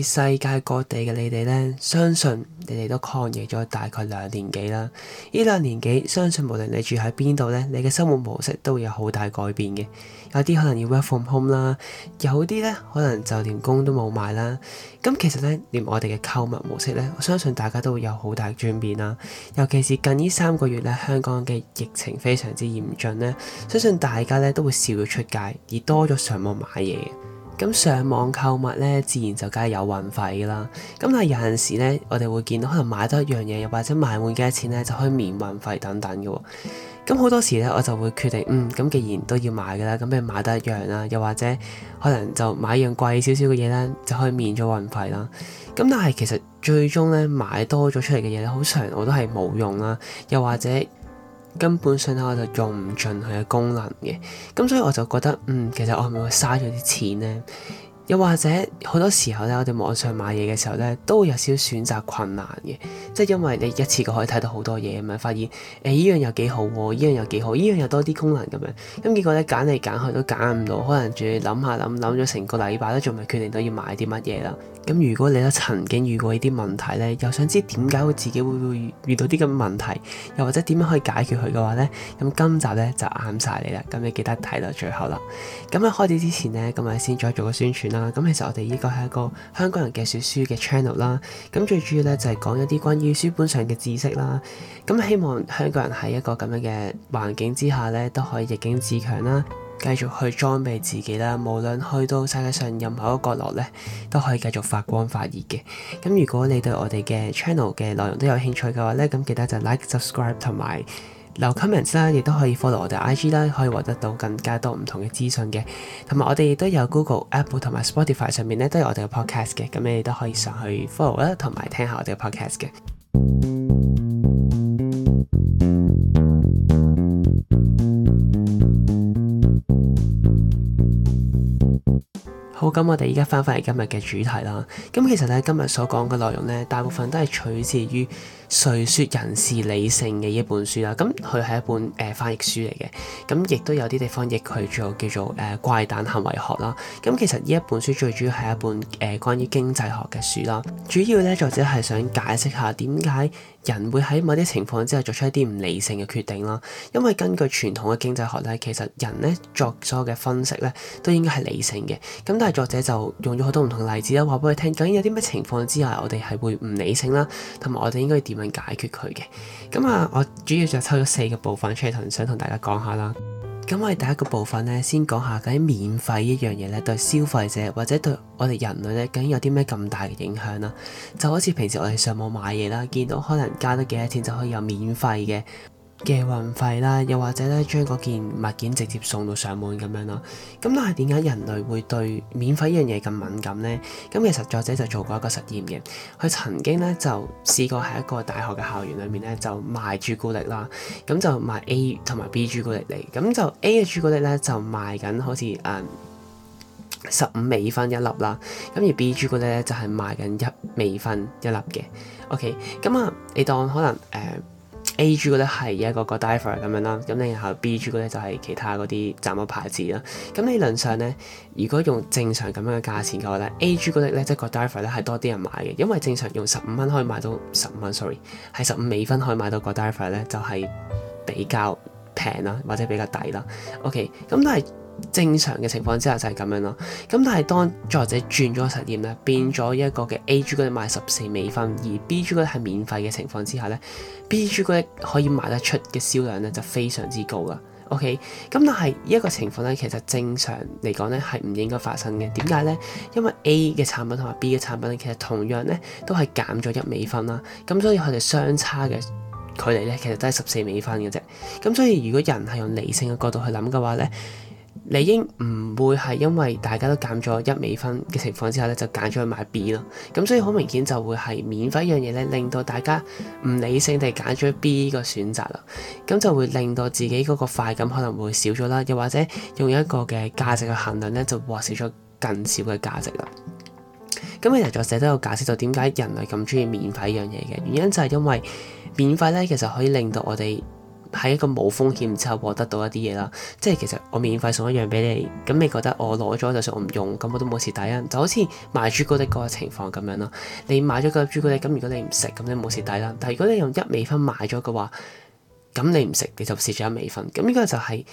世界各地嘅你哋咧，相信你哋都抗疫咗大概兩年幾啦。呢兩年幾，相信無論你住喺邊度咧，你嘅生活模式都會有好大改變嘅。有啲可能要 work from home 啦，有啲咧可能就連工都冇買啦。咁其實咧，連我哋嘅購物模式咧，我相信大家都會有好大轉變啦。尤其是近呢三個月咧，香港嘅疫情非常之嚴峻咧，相信大家咧都會少咗出街，而多咗上網買嘢。咁上網購物咧，自然就梗係有運費㗎啦。咁但係有陣時咧，我哋會見到可能買多一樣嘢，又或者買滿幾多錢咧就可以免運費等等嘅。咁好多時咧，我就會決定，嗯，咁既然都要買嘅啦，咁咪買多一樣啦。又或者可能就買一樣貴少少嘅嘢咧，就可以免咗運費啦。咁但係其實最終咧，買多咗出嚟嘅嘢咧，好常我都係冇用啦，又或者。根本上咧我就用唔盡佢嘅功能嘅，咁所以我就覺得，嗯，其實我係咪會嘥咗啲錢咧？又或者好多時候咧，我哋網上買嘢嘅時候咧，都會有少少選擇困難嘅，即係因為你一次過可以睇到好多嘢，咁樣發現誒依、欸、樣又幾好喎，依樣又幾好，依樣又多啲功能咁樣，咁結果咧揀嚟揀去都揀唔到，可能仲要諗下諗，諗咗成個禮拜都仲未決定到要買啲乜嘢啦。咁如果你都曾經遇過呢啲問題咧，又想知點解會自己會會遇到啲咁問題，又或者點樣可以解決佢嘅話咧，咁今集咧就啱晒你啦。咁你記得睇到最後啦。咁喺開始之前咧，咁啊先再做個宣傳。咁其實我哋呢個係一個香港人嘅說書嘅 channel 啦。咁最主要呢，就係講一啲關於書本上嘅知識啦。咁希望香港人喺一個咁樣嘅環境之下呢，都可以逆境自強啦，繼續去裝備自己啦。無論去到世界上任何一個角落呢，都可以繼續發光發熱嘅。咁如果你對我哋嘅 channel 嘅內容都有興趣嘅話呢，咁記得就 like subscribe 同埋留 comments 啦，亦都可以 follow 我哋 IG 啦，可以獲得到更加多唔同嘅資訊嘅。同埋我哋亦都有 Google、Apple 同埋 Spotify 上面咧都有我哋嘅 podcast 嘅，咁你哋都可以上去 follow 啦，同埋聽下我哋嘅 podcast 嘅。咁我哋依家翻返嚟今日嘅主題啦。咁其實咧今日所講嘅內容咧，大部分都係取自於《誰説人士理性人是理性》嘅一本書啦。咁佢係一本誒、呃、翻譯書嚟嘅，咁亦都有啲地方譯佢做叫做誒、呃、怪誕行為學啦。咁其實呢一本書最主要係一本誒、呃、關於經濟學嘅書啦，主要咧作者係想解釋下點解。人會喺某啲情況之下作出一啲唔理性嘅決定啦，因為根據傳統嘅經濟學咧，其實人咧作所有嘅分析咧都應該係理性嘅，咁但係作者就用咗好多唔同嘅例子啦，話俾你聽，究竟有啲咩情況之下我哋係會唔理性啦，同埋我哋應該點樣解決佢嘅？咁啊，我主要就抽咗四個部分出嚟，同想同大家講下啦。咁我哋第一個部分咧，先講下嗰啲免費一呢樣嘢咧，對消費者或者對我哋人類咧，究竟有啲咩咁大嘅影響啦？就好似平時我哋上網買嘢啦，見到可能加多幾多錢就可以有免費嘅嘅運費啦，又或者咧，將嗰件物件直接送到上門咁樣咯。咁但係點解人類會對免費一樣嘢咁敏感呢？咁其實作者就做過一個實驗嘅，佢曾經咧就試過喺一個大學嘅校園裏面咧就賣朱古力啦。咁就賣 A 同埋 B 朱古力嚟，咁就 A 嘅朱古力咧就賣緊好似誒十五美分一粒啦。咁而 B 朱古力咧就係賣緊一美分一粒嘅。OK，咁啊，你當可能誒？呃 A 朱古力嗰啲係一個個 diver 咁樣啦，咁你然後 B 朱古力嗰啲就係其他嗰啲雜物牌子啦。咁理論上咧，如果用正常咁樣嘅價錢嘅話咧，A 朱古力嗰啲咧即係個 diver 咧係多啲人買嘅，因為正常用十五蚊可以買到十五蚊，sorry 係十五美分可以買到個 diver 咧，就係比較平啦，或者比較抵啦。OK，咁都係。正常嘅情況之下就係咁樣咯。咁但係當作者轉咗實驗咧，變咗一個嘅 A 朱古力賣十四美分，而 B 朱古力係免費嘅情況之下咧，B 朱古力可以賣得出嘅銷量咧就非常之高啦。OK，咁但係呢一個情況咧，其實正常嚟講咧係唔應該發生嘅。點解咧？因為 A 嘅產品同埋 B 嘅產品咧，其實同樣咧都係減咗一美分啦。咁所以佢哋相差嘅距離咧，其實都係十四美分嘅啫。咁所以如果人係用理性嘅角度去諗嘅話咧。理應唔會係因為大家都減咗一美分嘅情況之下咧，就揀咗去買 B 啦。咁所以好明顯就會係免費一樣嘢咧，令到大家唔理性地揀咗 B 個選擇啦。咁就會令到自己嗰個快感可能會少咗啦，又或者用一個嘅價值嘅衡量咧，就獲少咗更少嘅價值啦。咁其實作者都有解釋到點解人類咁中意免費一樣嘢嘅原因，就係因為免費咧其實可以令到我哋。喺一個冇風險之後獲得到一啲嘢啦，即係其實我免費送一樣俾你，咁你覺得我攞咗就算我唔用，咁我都冇蝕底啦。就好似買朱古力嗰個情況咁樣咯，你買咗個朱古力，咁如果你唔食，咁你冇蝕底啦。但係如果你用一美分買咗嘅話，咁你唔食你就蝕咗一美分，咁呢個就係、是。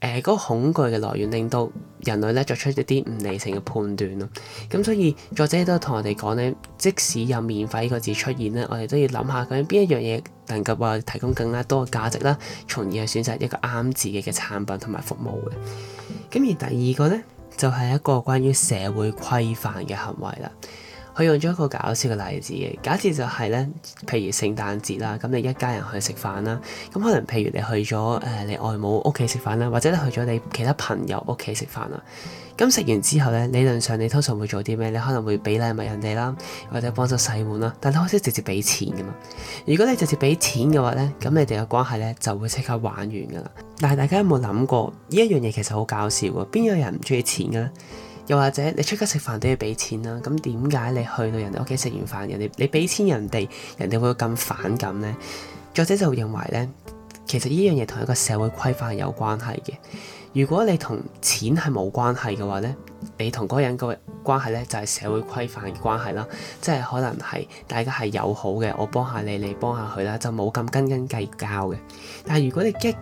誒，嗰個恐懼嘅來源令到人類咧，作出一啲唔理性嘅判斷咯，咁所以作者都同我哋講咧，即使有免費呢個字出現咧，我哋都要諗下究竟邊一樣嘢能夠話提供更加多嘅價值啦，從而去選擇一個啱自己嘅產品同埋服務嘅。咁而第二個咧就係一個關於社會規範嘅行為啦。佢用咗一個搞笑嘅例子嘅，假設就係咧，譬如聖誕節啦，咁你一家人去食飯啦，咁可能譬如你去咗誒、呃、你外母屋企食飯啦，或者你去咗你其他朋友屋企食飯啦，咁食完之後咧，理論上你通常會做啲咩？你可能會俾禮物人哋啦，或者幫手洗碗啦，但你可以直接俾錢噶嘛？如果你直接俾錢嘅話咧，咁你哋嘅關係咧就會即刻玩完噶啦。但係大家有冇諗過呢一樣嘢其實好搞笑喎，邊有人唔中意錢噶？又或者你出街食飯都要俾錢啦，咁點解你去到人哋屋企食完飯，人哋你俾錢人哋，人哋會咁反感呢？作者就認為呢，其實呢樣嘢同一個社會規範有關係嘅。如果你同錢係冇關係嘅話呢，你同嗰個人嘅關係呢，就係社會規範嘅關係啦，即係可能係大家係友好嘅，我幫下你，你幫下佢啦，就冇咁斤斤計較嘅。但係如果你一提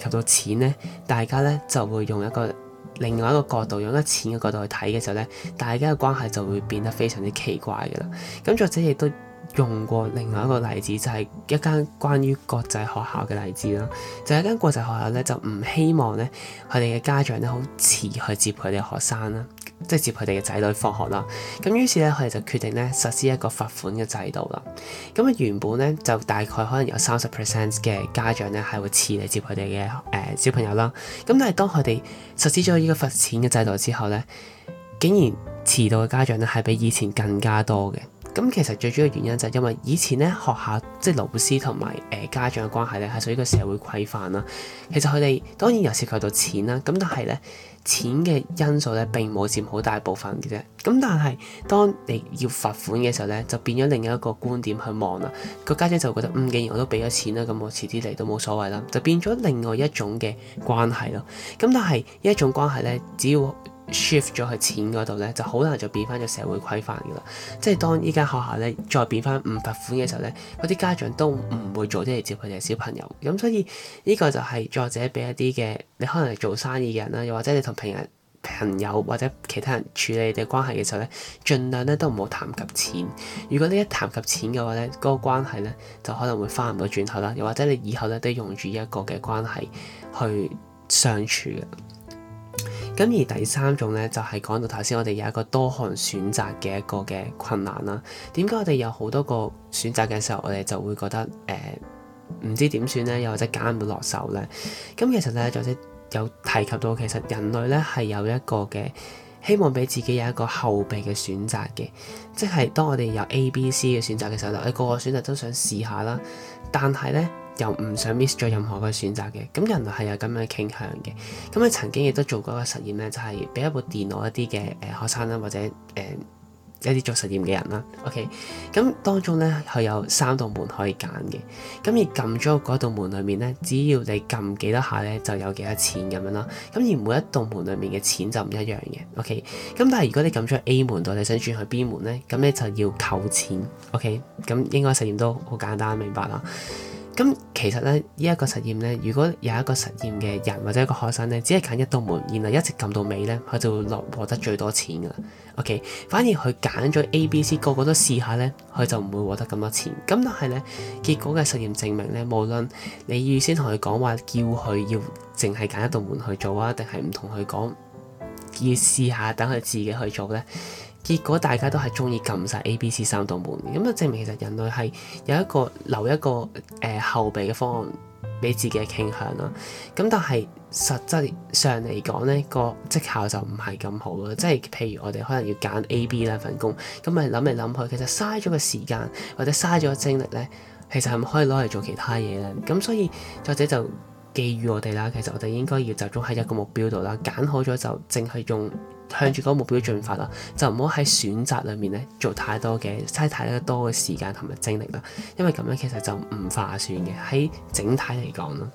及到錢呢，大家呢就會用一個。另外一個角度，用一錢嘅角度去睇嘅時候咧，大家嘅關係就會變得非常之奇怪嘅啦。咁作者亦都用過另外一個例子，就係一間關於國際學校嘅例子啦。就係一間國際學校咧，就唔希望咧佢哋嘅家長咧好遲去接佢哋學生啦。即係接佢哋嘅仔女放學啦，咁於是咧，佢哋就決定咧實施一個罰款嘅制度啦。咁啊，原本咧就大概可能有三十 percent 嘅家長咧係會遲嚟接佢哋嘅誒小朋友啦。咁但係當佢哋實施咗呢個罰錢嘅制度之後咧，竟然遲到嘅家長咧係比以前更加多嘅。咁其實最主要原因就係因為以前咧學校即係老師同埋誒家長嘅關係咧係屬於個社會規範啦。其實佢哋當然有涉及到錢啦，咁但係咧錢嘅因素咧並冇佔好大部分嘅啫。咁但係當你要罰款嘅時候咧，就變咗另一個觀點去望啦。個家長就覺得，嗯，既然我都俾咗錢啦，咁我遲啲嚟都冇所謂啦，就變咗另外一種嘅關係咯。咁但係呢一種關係咧，只要 shift 咗去錢嗰度咧，就好難就變翻咗社會規範噶啦。即係當依間學校咧再變翻唔罰款嘅時候咧，嗰啲家長都唔會早啲嚟接佢哋嘅小朋友。咁所以呢、呢個就係作者俾一啲嘅，你可能係做生意嘅人啦，又或者你同平日朋友或者其他人處理你哋關係嘅時候咧，盡量咧都唔好談及錢。如果你一談及錢嘅話咧，嗰、嗰個關係咧就可能會翻唔到轉頭啦。又或者你以後咧都用住一個嘅關係去相處嘅。咁而第三種咧，就係、是、講到頭先，我哋有一個多項選擇嘅一個嘅困難啦。點解我哋有好多個選擇嘅時候，我哋就會覺得誒唔、呃、知點算咧，又或者揀唔到落手咧？咁其實咧，作者有提及到，其實人類咧係有一個嘅希望俾自己有一個後備嘅選擇嘅，即係當我哋有 A、B、C 嘅選擇嘅時候，就你個個選擇都想試下啦，但係咧，又唔想 miss 咗任何嘅選擇嘅，咁人類係有咁樣傾向嘅。咁你曾經亦都做過一個實驗呢，就係、是、俾一部電腦一啲嘅誒學生啦，或者誒、呃、一啲做實驗嘅人啦。OK，咁當中呢，佢有三道門可以揀嘅。咁而撳咗嗰一道門裏面呢，只要你撳幾多下呢，就有幾多錢咁樣啦。咁而每一道門裏面嘅錢就唔一樣嘅。OK，咁但係如果你撳咗 A 門，你想轉去 B 門呢？咁你就要扣錢。OK，咁應該實驗都好簡單，明白啦。咁其實咧，呢一個實驗咧，如果有一個實驗嘅人或者一個學生咧，只係揀一道門，然後一直撳到尾咧，佢就會落獲得最多錢㗎喇。OK，反而佢揀咗 A、B、C，個個都試下咧，佢就唔會獲得咁多錢。咁但係咧，結果嘅實驗證明咧，無論你預先同佢講話，叫佢要淨係揀一道門去做啊，定係唔同佢講要試下等佢自己去做咧。結果大家都係中意撳晒 A、B、C 三道門，咁就證明其實人類係有一個留一個誒、呃、後備嘅方案俾自己嘅傾向啦。咁但係實質上嚟講咧，個績效就唔係咁好咯。即係譬如我哋可能要揀 A、B 呢份工，咁咪諗嚟諗去，其實嘥咗個時間或者嘥咗精力咧，其實係咪可以攞嚟做其他嘢啦。咁所以作者就寄予我哋啦，其實我哋應該要集中喺一個目標度啦，揀好咗就淨係用。向住嗰個目標進發啦，就唔好喺選擇裏面咧做太多嘅、嘥太多嘅時間同埋精力啦，因為咁樣其實就唔划算嘅，喺整體嚟講啦。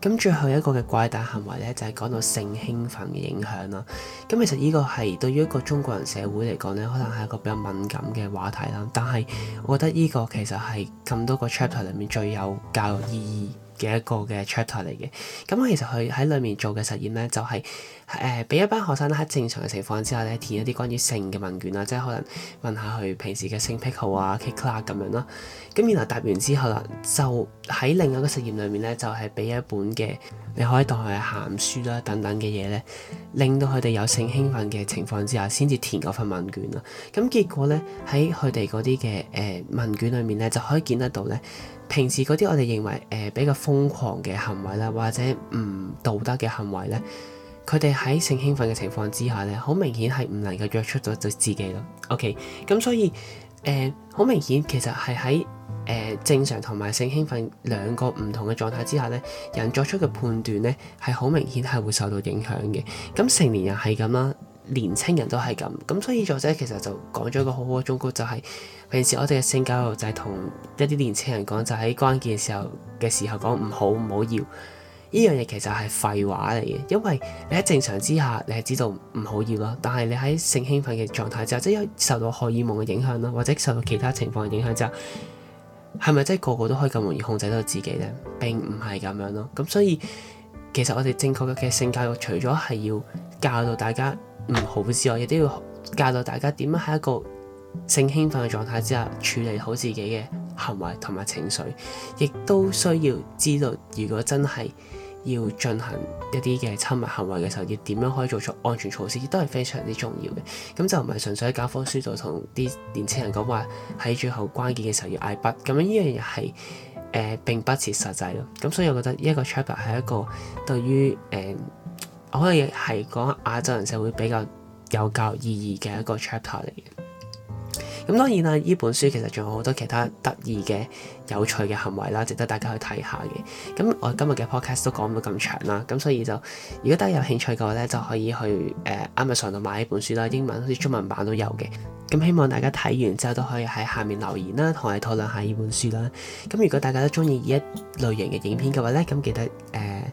咁最後一個嘅怪誕行為咧就係、是、講到性興奮嘅影響啦。咁其實呢個係對於一個中國人社會嚟講咧，可能係一個比較敏感嘅話題啦。但係我覺得呢個其實係咁多個 chapter 裏面最有教育意義嘅一個嘅 chapter 嚟嘅，咁其實佢喺裏面做嘅實驗咧，就係誒俾一班學生喺正常嘅情況之下咧，填一啲關於性嘅問卷啦，即係可能問下佢平時嘅性癖好啊、gay club 咁樣啦。咁然後答完之後啦，就喺另外一個實驗裏面咧，就係、是、俾一本嘅你可以當佢係鹹書啦等等嘅嘢咧，令到佢哋有性興奮嘅情況之下，先至填嗰份問卷啦。咁結果咧喺佢哋嗰啲嘅誒問卷裏面咧，就可以見得到咧。平時嗰啲我哋認為誒、呃、比較瘋狂嘅行為啦，或者唔道德嘅行為咧，佢哋喺性興奮嘅情況之下咧，好明顯係唔能夠約束到自己咯。OK，咁所以誒呃、好明顯其實係喺誒正常同埋性興奮兩個唔同嘅狀態之下咧，人作出嘅判斷咧係好明顯係會受到影響嘅。咁成年人係咁啦。年青人都係咁，咁所以作者其實就講咗一個好好嘅忠告，就係平時我哋嘅性教育就係同一啲年青人講，就喺、是、關鍵時候嘅時候講唔好唔好要呢樣嘢，其實係廢話嚟嘅，因為你喺正常之下，你係知道唔好要咯。但係你喺性興奮嘅狀態之下，即、就、係、是、受到荷爾蒙嘅影響啦，或者受到其他情況嘅影響之下，係咪真係個個都可以咁容易控制到自己呢？並唔係咁樣咯。咁所以其實我哋正確嘅性教育，除咗係要教導大家唔好之外，亦都要教導大家點樣喺一個性興奮嘅狀態之下處理好自己嘅行為同埋情緒，亦都需要知道，如果真係要進行一啲嘅親密行為嘅時候，要點樣可以做出安全措施，亦都係非常之重要嘅。咁就唔係純粹喺教科書度同啲年青人講話，喺最後關鍵嘅時候要嗌不，咁樣呢樣嘢係誒並不切實際咯。咁所以我覺得呢一個 chapter 係一個對於誒。呃我可以係講亞洲人社會比較有教育意義嘅一個 chapter 嚟嘅。咁當然啦，呢本書其實仲有好多其他得意嘅有趣嘅行為啦，值得大家去睇下嘅。咁我今日嘅 podcast 都講唔到咁長啦，咁所以就如果大家有興趣嘅話咧，就可以去、呃、Amazon 度買呢本書啦，英文好似中文版都有嘅。咁希望大家睇完之後都可以喺下面留言啦，同我哋討論下呢本書啦。咁如果大家都中意呢一類型嘅影片嘅話咧，咁記得誒。呃